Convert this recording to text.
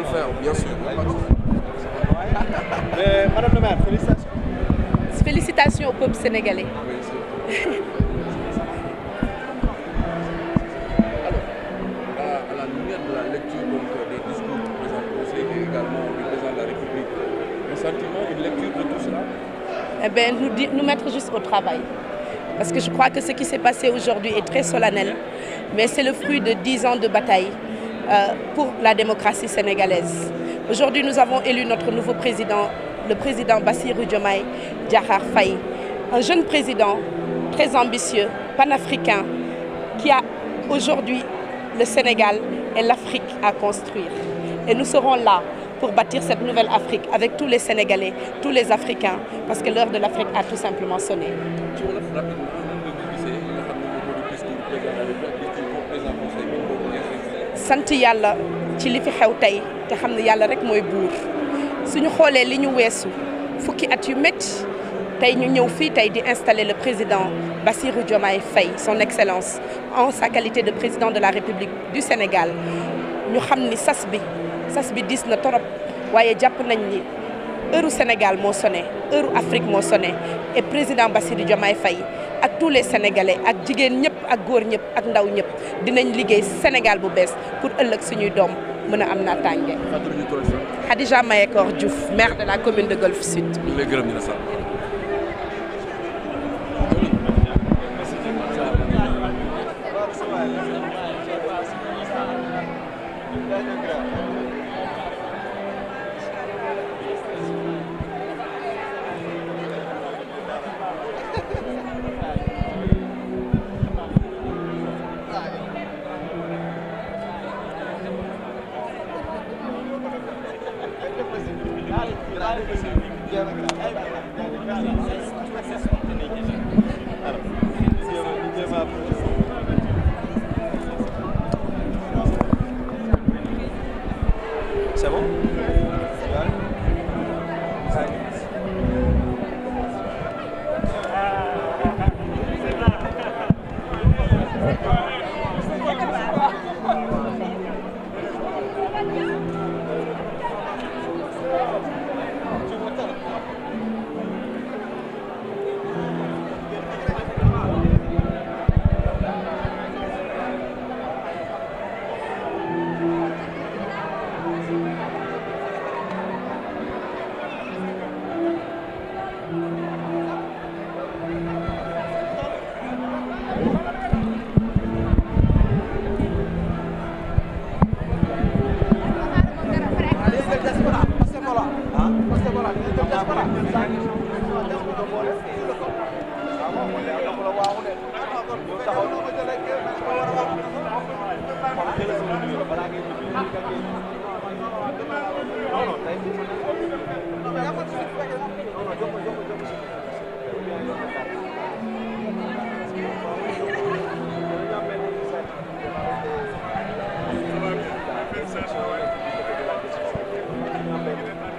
peut le faire, bien sûr. Mais, euh, Madame le maire, félicitations. Félicitations au peuple sénégalais. Ah oui, Eh bien, nous, nous mettre juste au travail. Parce que je crois que ce qui s'est passé aujourd'hui est très solennel, mais c'est le fruit de dix ans de bataille. Euh, pour la démocratie sénégalaise. Aujourd'hui, nous avons élu notre nouveau président, le président Bassirou Diomaye Diakhar Faye, un jeune président très ambitieux, panafricain, qui a aujourd'hui le Sénégal et l'Afrique à construire. Et nous serons là pour bâtir cette nouvelle Afrique avec tous les Sénégalais, tous les Africains, parce que l'heure de l'Afrique a tout simplement sonné. sant yàlla ci li fi xew tey te xam ne yàlla rek mooy buur ñu xoolee li ñu weesu fukki at yu métti tey ñu ñëw fii tey di installer le président Bassirou Diomaye Faye son excellence en sa qualité de président de la République du Sénégal ñu xam ni sas bi sas bi diis na torop waaye jàpp nañ ni heure Sénégal moo sonné heure Afrique moo sonné et président Bassirou Diomaye Faye ak tous les sénégalais ak jigéen ñëpp ak góor ñëpp ak ndaw ñëpp dinañ liggéey Sénégal bu bees pour ëllëg suñuy doom mën a am naa tànge Khadija Mayekor Diouf maire de la commune de Golfe Sud C'est bon Thank you.